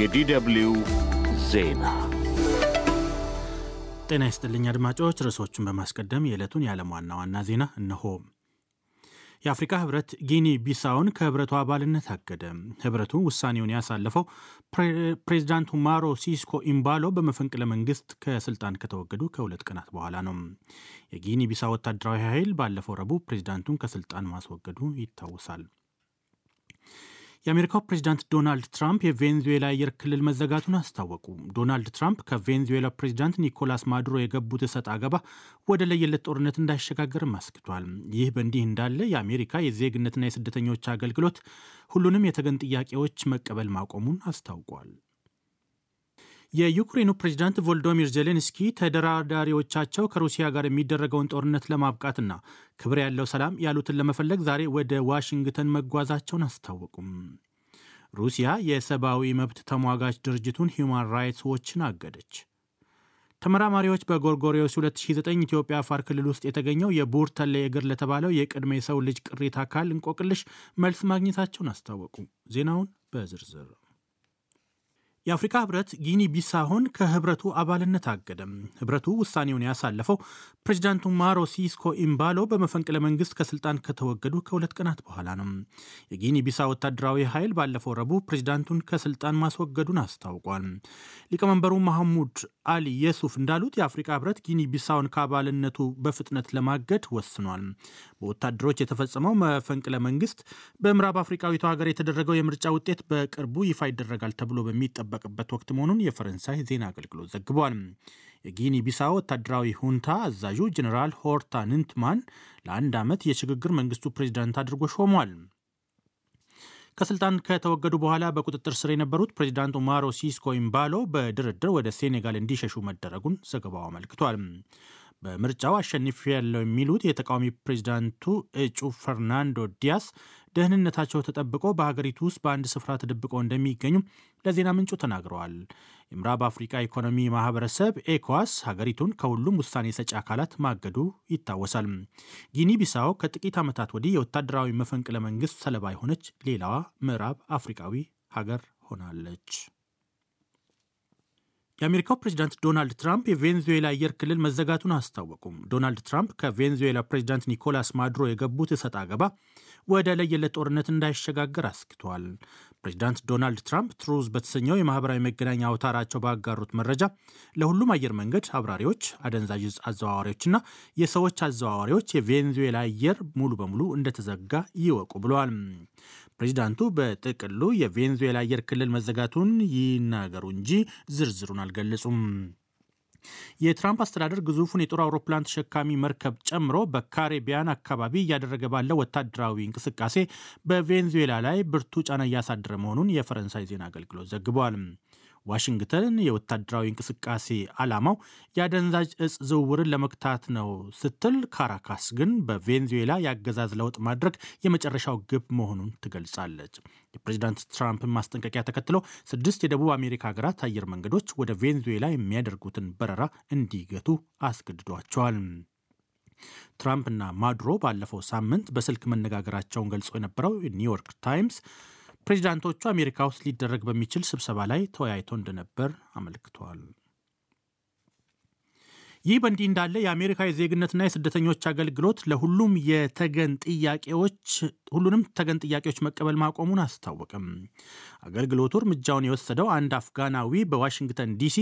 የዲደብልዩ ዜና ጤና ይስጥልኝ አድማጮች። ርዕሶቹን በማስቀደም የዕለቱን የዓለም ዋና ዋና ዜና እነሆ። የአፍሪካ ህብረት ጊኒ ቢሳውን ከህብረቱ አባልነት አገደ። ህብረቱ ውሳኔውን ያሳለፈው ፕሬዚዳንቱ ማሮ ሲስኮ ኢምባሎ በመፈንቅለ መንግስት ከስልጣን ከተወገዱ ከሁለት ቀናት በኋላ ነው። የጊኒ ቢሳ ወታደራዊ ኃይል ባለፈው ረቡ ፕሬዚዳንቱን ከስልጣን ማስወገዱ ይታወሳል። የአሜሪካው ፕሬዚዳንት ዶናልድ ትራምፕ የቬንዙዌላ አየር ክልል መዘጋቱን አስታወቁ። ዶናልድ ትራምፕ ከቬንዙዌላ ፕሬዚዳንት ኒኮላስ ማዱሮ የገቡት እሰጥ አገባ ወደ ለየለት ጦርነት እንዳይሸጋገርም አስክቷል። ይህ በእንዲህ እንዳለ የአሜሪካ የዜግነትና የስደተኞች አገልግሎት ሁሉንም የተገን ጥያቄዎች መቀበል ማቆሙን አስታውቋል። የዩክሬኑ ፕሬዚዳንት ቮልዶሚር ዜሌንስኪ ተደራዳሪዎቻቸው ከሩሲያ ጋር የሚደረገውን ጦርነት ለማብቃትና ክብር ያለው ሰላም ያሉትን ለመፈለግ ዛሬ ወደ ዋሽንግተን መጓዛቸውን አስታወቁም። ሩሲያ የሰብአዊ መብት ተሟጋች ድርጅቱን ሂውማን ራይትስ ዎችን አገደች። ተመራማሪዎች በጎርጎሪዮስ 2009 ኢትዮጵያ አፋር ክልል ውስጥ የተገኘው የቡርተሌ እግር ለተባለው የቅድመ ሰው ልጅ ቅሪተ አካል እንቆቅልሽ መልስ ማግኘታቸውን አስታወቁ። ዜናውን በዝርዝር የአፍሪካ ህብረት ጊኒ ቢሳሆን ከህብረቱ አባልነት አገደም። ህብረቱ ውሳኔውን ያሳለፈው ፕሬዚዳንቱ ማሮ ሲስኮ ኢምባሎ በመፈንቅለ መንግስት ከስልጣን ከተወገዱ ከሁለት ቀናት በኋላ ነው። የጊኒ ቢሳ ወታደራዊ ኃይል ባለፈው ረቡዕ ፕሬዚዳንቱን ከስልጣን ማስወገዱን አስታውቋል። ሊቀመንበሩ ማሐሙድ አሊ የሱፍ እንዳሉት የአፍሪካ ህብረት ጊኒ ቢሳውን ከአባልነቱ በፍጥነት ለማገድ ወስኗል። በወታደሮች የተፈጸመው መፈንቅለ መንግስት በምዕራብ አፍሪካዊቱ ሀገር የተደረገው የምርጫ ውጤት በቅርቡ ይፋ ይደረጋል ተብሎ በሚጠበቅበት ወቅት መሆኑን የፈረንሳይ ዜና አገልግሎት ዘግቧል። የጊኒ ቢሳው ወታደራዊ ሁንታ አዛዡ ጀኔራል ሆርታ ንንትማን ለአንድ ዓመት የሽግግር መንግስቱ ፕሬዚዳንት አድርጎ ሾሟል። ከስልጣን ከተወገዱ በኋላ በቁጥጥር ስር የነበሩት ፕሬዚዳንት ኡማሮ ሲስኮ ኢምባሎ በድርድር ወደ ሴኔጋል እንዲሸሹ መደረጉን ዘገባው አመልክቷል። በምርጫው አሸንፊ ያለው የሚሉት የተቃዋሚ ፕሬዚዳንቱ እጩ ፈርናንዶ ዲያስ ደህንነታቸው ተጠብቆ በሀገሪቱ ውስጥ በአንድ ስፍራ ተደብቀው እንደሚገኙ ለዜና ምንጩ ተናግረዋል። የምዕራብ አፍሪካ ኢኮኖሚ ማህበረሰብ ኤኮዋስ ሀገሪቱን ከሁሉም ውሳኔ ሰጪ አካላት ማገዱ ይታወሳል። ጊኒ ቢሳው ከጥቂት ዓመታት ወዲህ የወታደራዊ መፈንቅለ መንግስት ሰለባ የሆነች ሌላዋ ምዕራብ አፍሪካዊ ሀገር ሆናለች። የአሜሪካው ፕሬዚዳንት ዶናልድ ትራምፕ የቬንዙዌላ አየር ክልል መዘጋቱን አስታወቁም። ዶናልድ ትራምፕ ከቬንዙዌላ ፕሬዚዳንት ኒኮላስ ማዱሮ የገቡት እሰጥ አገባ ወደ ለየለት ጦርነት እንዳይሸጋገር አስክቷል። ፕሬዚዳንት ዶናልድ ትራምፕ ትሩዝ በተሰኘው የማህበራዊ መገናኛ አውታራቸው ባጋሩት መረጃ ለሁሉም አየር መንገድ አብራሪዎች፣ አደንዛዥ አዘዋዋሪዎችና የሰዎች አዘዋዋሪዎች የቬንዙዌላ አየር ሙሉ በሙሉ እንደተዘጋ ይወቁ ብለዋል። ፕሬዚዳንቱ በጥቅሉ የቬንዙዌላ አየር ክልል መዘጋቱን ይናገሩ እንጂ ዝርዝሩን አልገለጹም። የትራምፕ አስተዳደር ግዙፉን የጦር አውሮፕላን ተሸካሚ መርከብ ጨምሮ በካሪቢያን አካባቢ እያደረገ ባለው ወታደራዊ እንቅስቃሴ በቬንዙዌላ ላይ ብርቱ ጫና እያሳደረ መሆኑን የፈረንሳይ ዜና አገልግሎት ዘግቧል። ዋሽንግተን የወታደራዊ እንቅስቃሴ ዓላማው የአደንዛዥ እጽ ዝውውርን ለመግታት ነው ስትል፣ ካራካስ ግን በቬንዙዌላ የአገዛዝ ለውጥ ማድረግ የመጨረሻው ግብ መሆኑን ትገልጻለች። የፕሬዚዳንት ትራምፕን ማስጠንቀቂያ ተከትሎ ስድስት የደቡብ አሜሪካ ሀገራት አየር መንገዶች ወደ ቬንዙዌላ የሚያደርጉትን በረራ እንዲገቱ አስገድዷቸዋል። ትራምፕና ማዱሮ ባለፈው ሳምንት በስልክ መነጋገራቸውን ገልጾ የነበረው ኒውዮርክ ታይምስ ፕሬዚዳንቶቹ አሜሪካ ውስጥ ሊደረግ በሚችል ስብሰባ ላይ ተወያይቶ እንደነበር አመልክተዋል። ይህ በእንዲህ እንዳለ የአሜሪካ የዜግነትና የስደተኞች አገልግሎት ለሁሉም የተገን ጥያቄዎች ሁሉንም ተገን ጥያቄዎች መቀበል ማቆሙን አስታወቅም። አገልግሎቱ እርምጃውን የወሰደው አንድ አፍጋናዊ በዋሽንግተን ዲሲ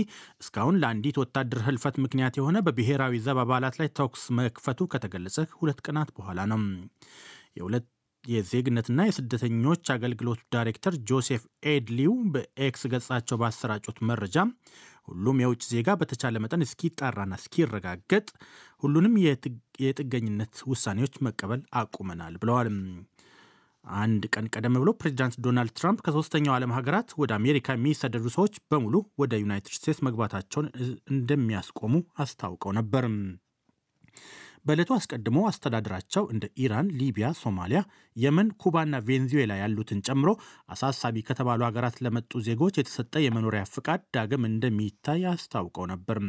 እስካሁን ለአንዲት ወታደር ህልፈት ምክንያት የሆነ በብሔራዊ ዘብ አባላት ላይ ተኩስ መክፈቱ ከተገለጸ ሁለት ቀናት በኋላ ነው። የሁለት የዜግነትና የስደተኞች አገልግሎት ዳይሬክተር ጆሴፍ ኤድሊው በኤክስ ገጻቸው ባሰራጩት መረጃ ሁሉም የውጭ ዜጋ በተቻለ መጠን እስኪጣራና እስኪረጋገጥ ሁሉንም የጥገኝነት ውሳኔዎች መቀበል አቁመናል ብለዋል። አንድ ቀን ቀደም ብሎ ፕሬዚዳንት ዶናልድ ትራምፕ ከሶስተኛው ዓለም ሀገራት ወደ አሜሪካ የሚሰደዱ ሰዎች በሙሉ ወደ ዩናይትድ ስቴትስ መግባታቸውን እንደሚያስቆሙ አስታውቀው ነበር። በዕለቱ አስቀድሞ አስተዳደራቸው እንደ ኢራን፣ ሊቢያ፣ ሶማሊያ፣ የመን፣ ኩባና ቬንዙዌላ ያሉትን ጨምሮ አሳሳቢ ከተባሉ ሀገራት ለመጡ ዜጎች የተሰጠ የመኖሪያ ፍቃድ ዳግም እንደሚታይ አስታውቀው ነበር።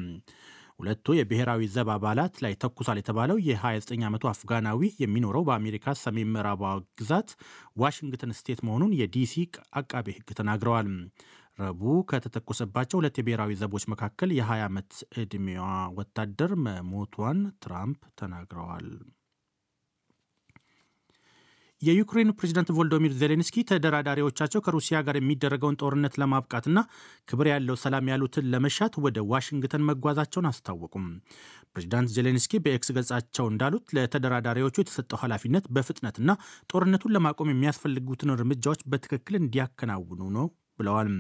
ሁለቱ የብሔራዊ ዘብ አባላት ላይ ተኩሷል የተባለው የ29 ዓመቱ አፍጋናዊ የሚኖረው በአሜሪካ ሰሜን ምዕራባዊ ግዛት ዋሽንግተን ስቴት መሆኑን የዲሲ አቃቤ ሕግ ተናግረዋል። ረቡዕ ከተተኮሰባቸው ሁለት የብሔራዊ ዘቦች መካከል የ20 ዓመት ዕድሜዋ ወታደር መሞቷን ትራምፕ ተናግረዋል። የዩክሬን ፕሬዚዳንት ቮሎዶሚር ዜሌንስኪ ተደራዳሪዎቻቸው ከሩሲያ ጋር የሚደረገውን ጦርነት ለማብቃትና ክብር ያለው ሰላም ያሉትን ለመሻት ወደ ዋሽንግተን መጓዛቸውን አስታወቁም። ፕሬዚዳንት ዜሌንስኪ በኤክስ ገጻቸው እንዳሉት ለተደራዳሪዎቹ የተሰጠው ኃላፊነት በፍጥነትና ጦርነቱን ለማቆም የሚያስፈልጉትን እርምጃዎች በትክክል እንዲያከናውኑ ነው ብለዋል።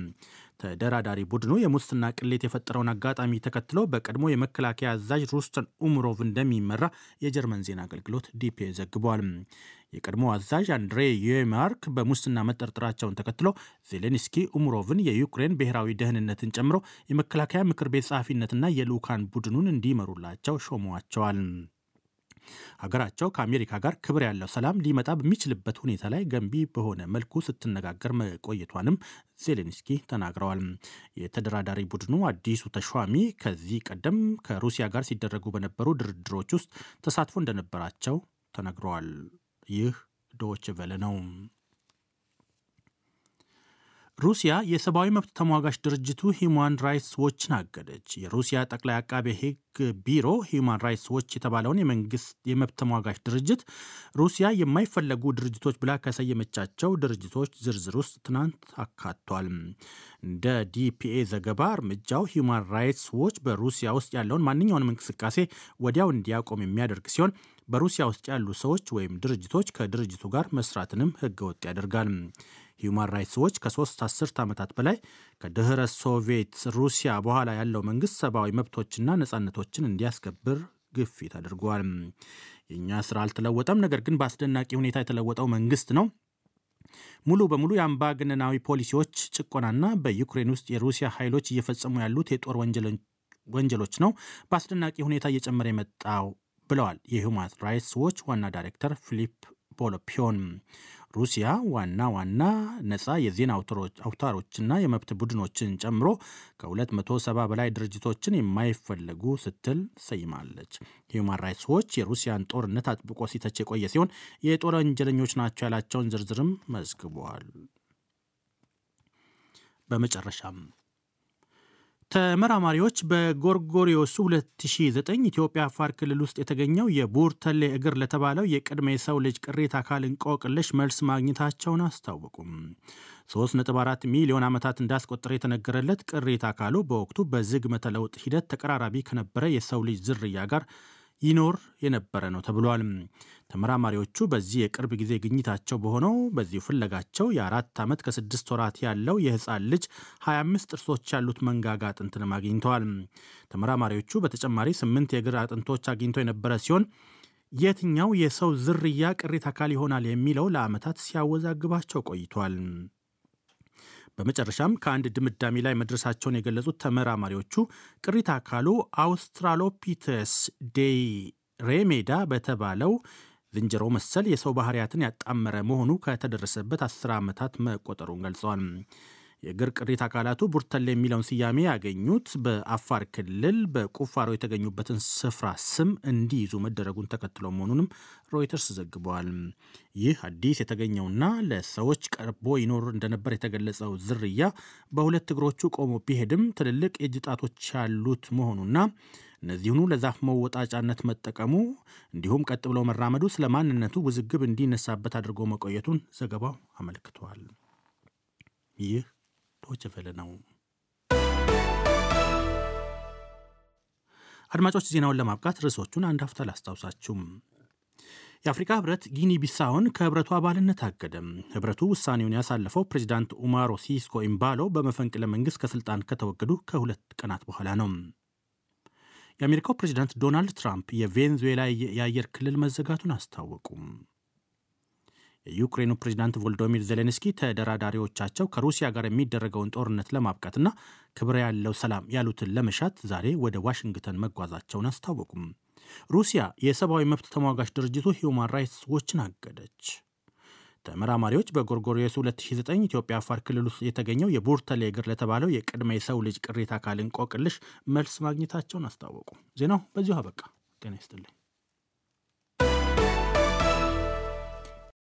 ተደራዳሪ ቡድኑ የሙስና ቅሌት የፈጠረውን አጋጣሚ ተከትሎ በቀድሞ የመከላከያ አዛዥ ሩስተን ኡምሮቭ እንደሚመራ የጀርመን ዜና አገልግሎት ዲፒ ዘግቧል። የቀድሞ አዛዥ አንድሬ የማርክ በሙስና መጠርጠራቸውን ተከትሎ ዜሌንስኪ ኡምሮቭን የዩክሬን ብሔራዊ ደህንነትን ጨምሮ የመከላከያ ምክር ቤት ጸሐፊነትና የልዑካን ቡድኑን እንዲመሩላቸው ሾመዋቸዋል። ሀገራቸው ከአሜሪካ ጋር ክብር ያለው ሰላም ሊመጣ በሚችልበት ሁኔታ ላይ ገንቢ በሆነ መልኩ ስትነጋገር መቆየቷንም ዜሌንስኪ ተናግረዋል። የተደራዳሪ ቡድኑ አዲሱ ተሿሚ ከዚህ ቀደም ከሩሲያ ጋር ሲደረጉ በነበሩ ድርድሮች ውስጥ ተሳትፎ እንደነበራቸው ተነግረዋል። ይህ ዶች ቨለ ነው። ሩሲያ የሰብአዊ መብት ተሟጋች ድርጅቱ ሂማን ራይትስ ዎችን አገደች። የሩሲያ ጠቅላይ አቃቤ ሕግ ቢሮ ሂማን ራይትስ ዎች የተባለውን የመንግስት የመብት ተሟጋች ድርጅት ሩሲያ የማይፈለጉ ድርጅቶች ብላ ከሰየመቻቸው ድርጅቶች ዝርዝር ውስጥ ትናንት አካቷል። እንደ ዲፒኤ ዘገባ እርምጃው ሂማን ራይትስ ዎች በሩሲያ ውስጥ ያለውን ማንኛውንም እንቅስቃሴ ወዲያው እንዲያቆም የሚያደርግ ሲሆን በሩሲያ ውስጥ ያሉ ሰዎች ወይም ድርጅቶች ከድርጅቱ ጋር መስራትንም ህገወጥ ያደርጋል። ሂዩማን ራይትስ ዎች ከሶስት አስርት ዓመታት በላይ ከድህረ ሶቪየት ሩሲያ በኋላ ያለው መንግስት ሰብአዊ መብቶችና ነጻነቶችን እንዲያስከብር ግፊት አድርጓል። የእኛ ስራ አልተለወጠም፣ ነገር ግን በአስደናቂ ሁኔታ የተለወጠው መንግስት ነው ሙሉ በሙሉ የአምባገነናዊ ፖሊሲዎች ጭቆናና በዩክሬን ውስጥ የሩሲያ ኃይሎች እየፈጸሙ ያሉት የጦር ወንጀሎች ነው በአስደናቂ ሁኔታ እየጨመረ የመጣው ብለዋል የሁማን ራይትስ ዎች ዋና ዳይሬክተር ፊሊፕ ቦሎፒዮን። ሩሲያ ዋና ዋና ነጻ የዜና አውታሮችና የመብት ቡድኖችን ጨምሮ ከ270 በላይ ድርጅቶችን የማይፈለጉ ስትል ሰይማለች። ሂውማን ራይትስ ዎች የሩሲያን ጦርነት አጥብቆ ሲተች የቆየ ሲሆን የጦር ወንጀለኞች ናቸው ያላቸውን ዝርዝርም መዝግበዋል። በመጨረሻም ተመራማሪዎች በጎርጎሪዮሱ 2009 ኢትዮጵያ አፋር ክልል ውስጥ የተገኘው የቡርተሌ እግር ለተባለው የቅድመ የሰው ልጅ ቅሪት አካል እንቆቅልሽ መልስ ማግኘታቸውን አስታወቁም። 3.4 ሚሊዮን ዓመታት እንዳስቆጠረ የተነገረለት ቅሪት አካሉ በወቅቱ በዝግመተ ለውጥ ሂደት ተቀራራቢ ከነበረ የሰው ልጅ ዝርያ ጋር ይኖር የነበረ ነው ተብሏል። ተመራማሪዎቹ በዚህ የቅርብ ጊዜ ግኝታቸው በሆነው በዚሁ ፍለጋቸው የአራት ዓመት ከስድስት ወራት ያለው የህፃን ልጅ 25 ጥርሶች ያሉት መንጋጋ አጥንትንም አግኝተዋል። ተመራማሪዎቹ በተጨማሪ ስምንት የእግር አጥንቶች አግኝቶ የነበረ ሲሆን የትኛው የሰው ዝርያ ቅሪት አካል ይሆናል የሚለው ለዓመታት ሲያወዛግባቸው ቆይቷል። በመጨረሻም ከአንድ ድምዳሜ ላይ መድረሳቸውን የገለጹት ተመራማሪዎቹ ቅሪተ አካሉ አውስትራሎፒተስ ዴይ ሬሜዳ በተባለው ዝንጀሮ መሰል የሰው ባህሪያትን ያጣመረ መሆኑ ከተደረሰበት አስር ዓመታት መቆጠሩን ገልጿል። የእግር ቅሪት አካላቱ ቡርተሌ የሚለውን ስያሜ ያገኙት በአፋር ክልል በቁፋሮ የተገኙበትን ስፍራ ስም እንዲይዙ መደረጉን ተከትሎ መሆኑንም ሮይተርስ ዘግቧል። ይህ አዲስ የተገኘውና ለሰዎች ቀርቦ ይኖር እንደነበር የተገለጸው ዝርያ በሁለት እግሮቹ ቆሞ ቢሄድም ትልልቅ የእጅ ጣቶች ያሉት መሆኑና እነዚሁኑ ለዛፍ መወጣጫነት መጠቀሙ እንዲሁም ቀጥ ብሎ መራመዱ ስለ ማንነቱ ውዝግብ እንዲነሳበት አድርጎ መቆየቱን ዘገባው አመልክቷል። ይህ ዶይቼ ቬለ ነው። አድማጮች ዜናውን ለማብቃት ርዕሶቹን አንድ ሀፍታ ላስታውሳችሁ። የአፍሪካ ህብረት ጊኒ ቢሳውን ከህብረቱ አባልነት አገደ። ህብረቱ ውሳኔውን ያሳለፈው ፕሬዚዳንት ኡማሮ ሲስኮ ኢምባሎ በመፈንቅለ መንግሥት ከስልጣን ከተወገዱ ከሁለት ቀናት በኋላ ነው። የአሜሪካው ፕሬዚዳንት ዶናልድ ትራምፕ የቬንዙዌላ የአየር ክልል መዘጋቱን አስታወቁ። የዩክሬኑ ፕሬዚዳንት ቮልዶሚር ዜሌንስኪ ተደራዳሪዎቻቸው ከሩሲያ ጋር የሚደረገውን ጦርነት ለማብቃትና ክብር ያለው ሰላም ያሉትን ለመሻት ዛሬ ወደ ዋሽንግተን መጓዛቸውን አስታወቁም። ሩሲያ የሰብአዊ መብት ተሟጋች ድርጅቱ ሂውማን ራይትስ ዎችን አገደች። ተመራማሪዎች በጎርጎሪዮስ 2009 ኢትዮጵያ አፋር ክልል ውስጥ የተገኘው የቡርተሌ እግር ለተባለው የቅድመ የሰው ልጅ ቅሪተ አካል እንቆቅልሽ መልስ ማግኘታቸውን አስታወቁ። ዜናው በዚሁ አበቃ። ጤና ይስጥልኝ።